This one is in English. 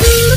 you.